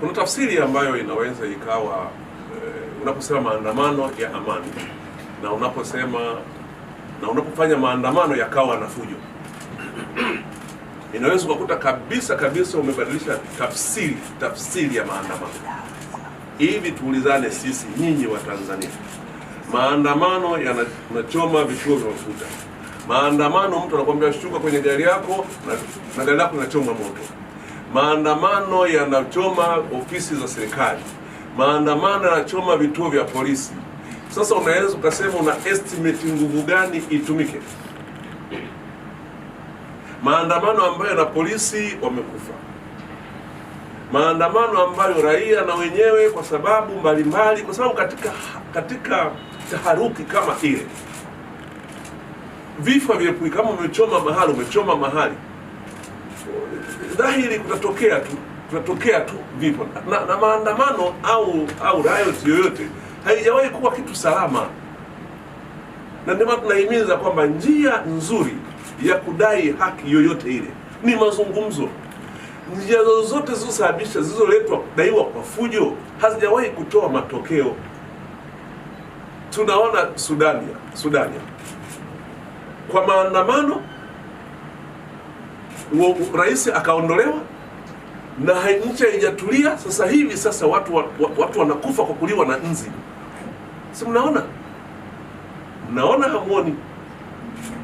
Kuna tafsiri ambayo inaweza ikawa eh, unaposema maandamano ya amani na unaposema na unapofanya maandamano yakawa na fujo inaweza ukakuta kabisa kabisa umebadilisha tafsiri tafsiri ya maandamano. Hivi tuulizane sisi, nyinyi wa Tanzania, maandamano yanachoma vituo vya mafuta, maandamano mtu anakuambia shuka kwenye gari yako na, na gari lako linachomwa moto maandamano yanachoma ofisi za serikali, maandamano yanachoma vituo vya polisi. Sasa unaweza ukasema una estimate nguvu gani itumike? Maandamano ambayo na polisi wamekufa, maandamano ambayo raia na wenyewe kwa sababu mbalimbali, kwa sababu katika katika taharuki kama ile vifo vyepui, kama umechoma mahali, umechoma mahali dhahiri kutatokea tu kutatokea tu vipo na, na maandamano au au riot yoyote haijawahi kuwa kitu salama, na ndio maana tunahimiza kwamba njia nzuri ya kudai haki yoyote ile ni mazungumzo. Njia zozote zilizosababisha zilizoletwa kudaiwa kwa fujo hazijawahi kutoa matokeo. Tunaona Sudania, Sudania kwa maandamano rais akaondolewa na nchi haijatulia. Sasa hivi sasa watu, watu, watu wanakufa kwa kuliwa na nzi, si mnaona? Mnaona hamuoni?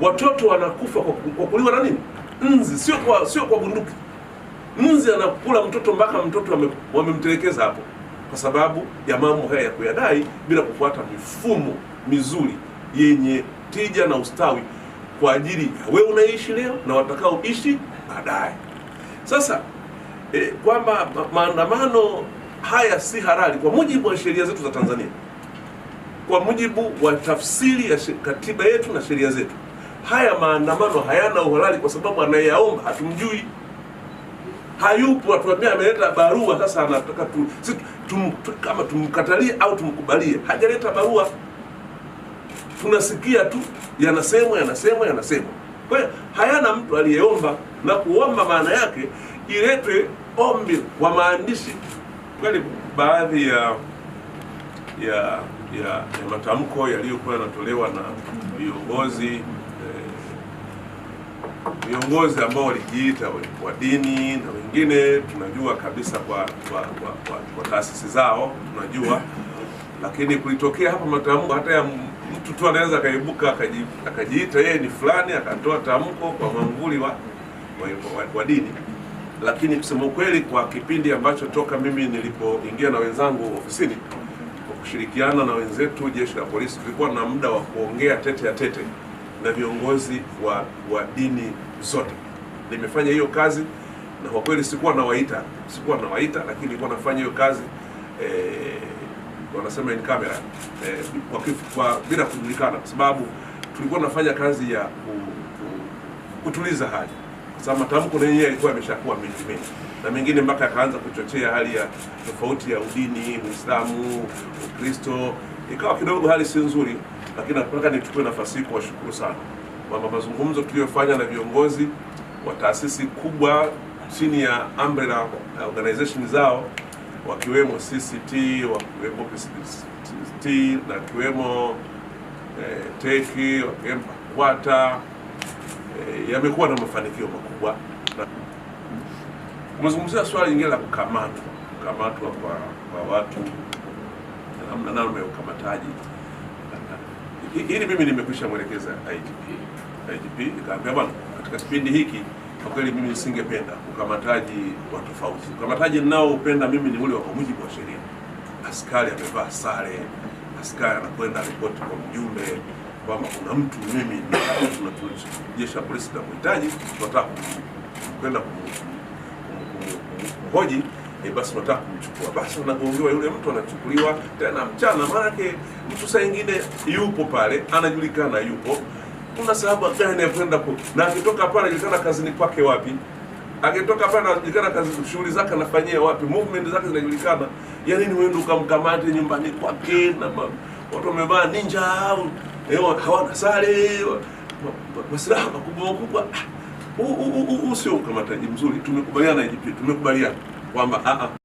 Watoto wanakufa kwa kuliwa na nini? Nzi, sio kwa sio kwa bunduki. Nzi anakula mtoto mpaka mtoto wamemtelekeza hapo, kwa sababu ya mambo haya ya kuyadai bila kufuata mifumo mizuri yenye tija na ustawi kwa ajili ya wewe unaishi leo na watakaoishi baadaye. Sasa eh, kwamba maandamano haya si halali kwa mujibu wa sheria zetu za Tanzania, kwa mujibu wa tafsiri ya katiba yetu na sheria zetu, haya maandamano hayana uhalali kwa sababu anayeyaomba hatumjui, hayupo. Atuambia ameleta barua, sasa anataka tu, si, tum, kama tumkatalie au tumkubalie, hajaleta barua. Tunasikia tu yanasemwa yanasemwa yanasemwa. Kwa hiyo hayana mtu aliyeomba, na kuomba maana yake iletwe ombi kwa maandishi. Kweli baadhi ya ya ya, ya matamko yaliyokuwa yanatolewa na viongozi eh, viongozi ambao walijiita wa dini na wengine tunajua kabisa kwa kwa, kwa, kwa, kwa taasisi zao tunajua, lakini kulitokea hapa matamko hata ya mtu tu anaweza akaibuka akajiita yeye ni fulani akatoa tamko kwa mwamvuli wa, wa, wa, wa dini. Lakini kusema ukweli, kwa kipindi ambacho toka mimi nilipoingia na wenzangu ofisini kwa kushirikiana na wenzetu jeshi la polisi, tulikuwa na muda wa kuongea tete ya tete na viongozi wa, wa dini zote. Nimefanya hiyo kazi na kwa kweli sikuwa nawaita, sikuwa nawaita, lakini nilikuwa nafanya hiyo kazi eh, wanasema in camera eh, kwa, kwa, bila kujulikana, kwa sababu tulikuwa tunafanya kazi ya ku, ku, kutuliza hali, kwa sababu matamko na yeye alikuwa ameshakuwa mengi mengi na mengine mpaka akaanza kuchochea hali ya tofauti ya udini, Uislamu, Ukristo, ikawa kidogo hali si nzuri, lakini nataka nichukue nafasi hii kuwashukuru sana kwamba mazungumzo tuliyofanya na viongozi wa taasisi kubwa chini ya umbrella eh, organization zao wakiwemo CCT wakiwemo PCCT na wakiwemo eh, teki wakiwemo BAKWATA eh, yamekuwa na mafanikio makubwa. Umezungumzia swala lingine la kukamatwa kukamatwa kwa, kwa watu namna nalo ya ukamataji. Hili mimi nimekwisha mwelekeza IGP, IGP ikaambia bwana, katika kipindi hiki kwa kweli mimi nisingependa ukamataji wa tofauti. Ukamataji ninaoupenda mimi ni ule wa kwa mujibu wa sheria. Askari amevaa sare, askari anakwenda ripoti kwa mjumbe kwamba kuna mtu mimi jeshi la polisi tunamhitaji, tunataka kwenda kumhoji E, basi unataka kumchukua, basi unagongewa, yule mtu, anachukuliwa tena mchana. Maanake mtu saa ingine yupo pale, anajulikana yupo Tuna sababu gani ya kwenda ku na akitoka pale anajulikana kazini kwake wapi, akitoka pale anajulikana kazi shughuli zake anafanyia wapi, movement zake zinajulikana. Yaani ni wewe ukamkamate nyumbani kwake na watu wamevaa ninja au eh, hawana sare masilaha makubwa makubwa. Ah, huu sio ukamataji mzuri. Tumekubaliana hivi tumekubaliana kwamba ah, ah.